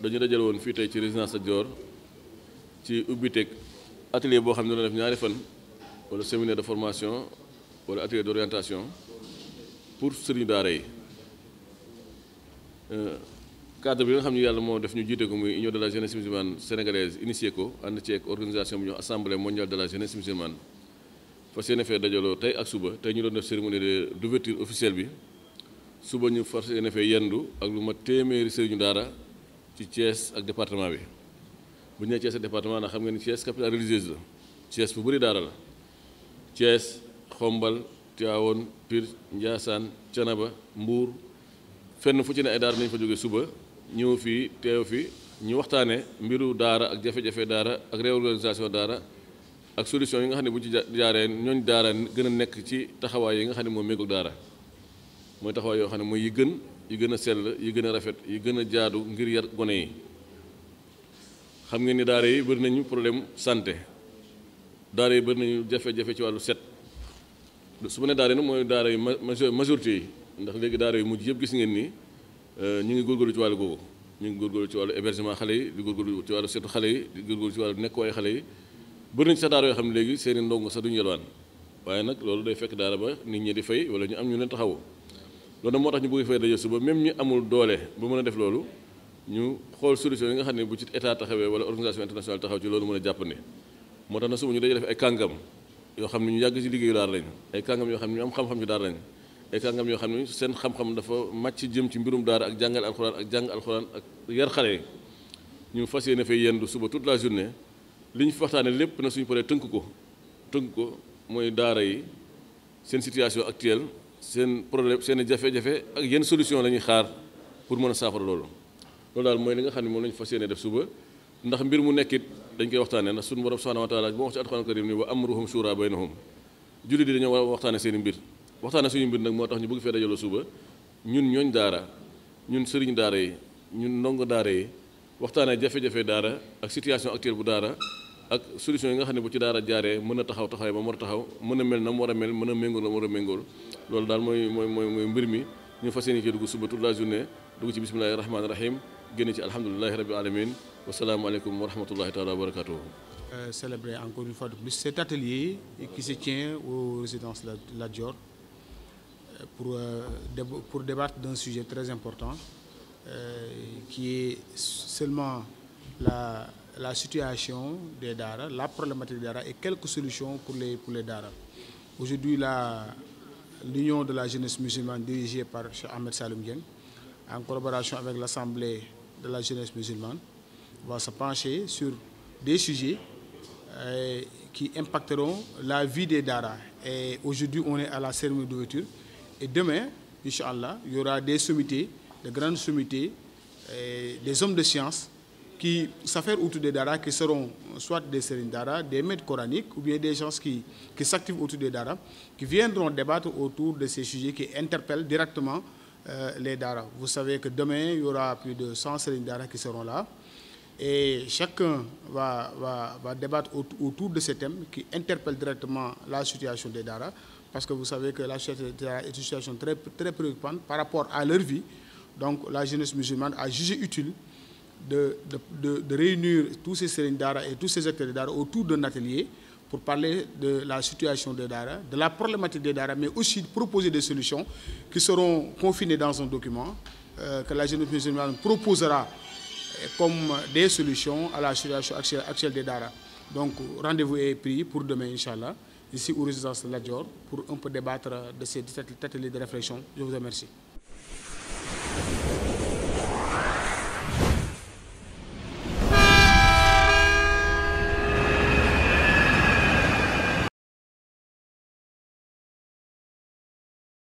dañu dajal woon fii tey ci résidence Lat Dior ci ubbiteeg atelier boo xam ne dana def ñaari fan wala séminaire de formation wala atelier d'orientation pour sëriñu daara yi euh, cadre bi nga xam ne yàlla moo def ñu jiite ko muy union de la jeunesse musulmane sénégalaise initié ko ànd ci ak organisation bi ñu assemblée mondiale de la jeunesse musulmane fas yéene fee dajaloo tey ak suba tey ñu doon def cérémonie de d'ouverture officielle bi suba ñu fas yéene fee yendu ak lu ma téeméeri sëriñu ci Thiès ak département bi bu ñu nee Thiès ak département ndax xam nga ni Thiès capitale religieuse la Thiès bu bëri daara la Thiès Xombal Tivaouane Pire Ndiassane Thiénaba mbuur fenn fu ci ne ay daara nañu fa jógee suba ñëw fii teew fii ñu waxtaanee mbiru daara ak jafe-jafe daara ak réorganisation daara ak solution yi nga xam ne bu ci jaaree ñooñ daara gën a nekk ci taxawaay yi nga xam ne moom mégoog daara mooy taxawaay yoo xam ne mooy yi gën yi gën a sell yi gën a rafet yi gën a jaadu ngir yar gone yi xam ngeen ni daara yi bëri nañu problème santé daara yi bëri nañu jafe-jafe ci wàllu set su ma ne daara yi mooy daara yu majorité yi ndax léegi daara yu mujj yëpp gis ngeen ni euh, ñu ngi góorgóorlu ci wàllu googu ñu ngi góorgóorlu ci wàllu hébergement xale yi di góorgóorlu ci wàllu seetu xale yi di góorgóorlu ci wàllu nekkuwaay xale yi bëri nañ sax daara yoo xam léegi seeni ndongo sax duñu yelwaan waaye nag loolu day fekk daara ba nit ñi di fay wala ñu am ñu leen taxawu loolu moo tax ñu bëgg fay daje suba même ñi amul doole ba mën a def loolu ñu xool solution yi nga xam ne bu ci état taxawee wala organisation internationale taxaw ci loolu mën a jàppandi moo tax na suba ñu daje def ay kàngam yoo xam ne ñu yàgg ci liggéeyu daara lañ ay kàngam yoo xam ne ñu am xam-xam ci daara lañ ay kàngam yoo xam ne seen xam-xam dafa màcc jëm ci mbirum daara ak jàngal alxuraan ak jàng alxuraan ak yar xale yi ñu fas yéene fay yendu suba toute la journée li ñu fi lépp na suñu paree tënk ko tënk ko mooy daara yi seen situation actuelle seen problème seen jafe-jafe ak yenn solution la ñuy xaar pour mën a saafara loolu loolu daal mooy li nga xam ne moom la ñu fas yéene def suba ndax mbir mu nekkit dañ koy waxtaanee ndax suñu borom subhanahu wa taala boo wax ci alxuraan karim ni wa amruhum shura dañoo war a waxtaane seen i mbir waxtaane suñu mbir nag moo tax ñu bëgg fee dajaloo suba ñun ñooñ daara ñun sëriñ daara yi ñun ndongo daara yi waxtaanee jafe-jafe daara ak situation actuelle bu daara ak solution yi nga xam ne bu ci a jaaree mën a taxaw taxawaay ba mu war a taxaw mën a mel na mu war a mel mën a méngool na mu a méngool loolu daal mooy mooy mooy mooy mbir mi ñu fas yéene ci dugg suba toute la journée dugg ci bismillahi rahmaani rahim génn ci alhamdulilahi rabbil alamin wasalaamualeykum wa rahmatullahi taala wa barakatuhu euh, célébrer encore une fois de plus cet atelier qui se tient aux résidences Lat euh, pour, euh, pour débattre d'un sujet très important euh, qui seulement la la situation des daara, la problématique des daara et quelques solutions pour les, pour les daara. Aujourd'hui, l'Union de la jeunesse musulmane dirigée par Cheikh Ahmed Saloum en collaboration avec l'Assemblée de la jeunesse musulmane, va se pencher sur des sujets euh, qui impacteront la vie des daara. Et aujourd'hui, on est à la cérémonie d'ouverture. Et demain, Inch'Allah, il y aura des sommités, de grandes sommités, et euh, des hommes de science qui s'affairent autour des Dara, qui seront soit des Sérines Dara, des maîtres coraniques, ou bien des gens qui, qui s'activent autour des Dara, qui viendront débattre autour de ces sujets qui interpellent directement euh, les Dara. Vous savez que demain, il y aura plus de 100 Sérines Dara qui seront là, et chacun va, va, va débattre autour de ces thèmes qui interpellent directement la situation des Dara, parce que vous savez que la situation des très, préoccupante par rapport à leur vie. Donc la jeunesse musulmane a jugé utile de, de, de, de réunir tous ces sérignes d'Ara et tous ces acteurs de Dara autour d'un atelier pour parler de la situation des Dara, de la problématique des Dara, mais aussi de proposer des solutions qui seront confinées dans un document euh, que la jeunesse musulmane proposera comme des solutions à la situation actuelle, actuelle des Dara. Donc rendez-vous est pris pour demain, Inch'Allah, ici au résidence Ladior, pour un peu débattre de ces ateliers de réflexion. Je vous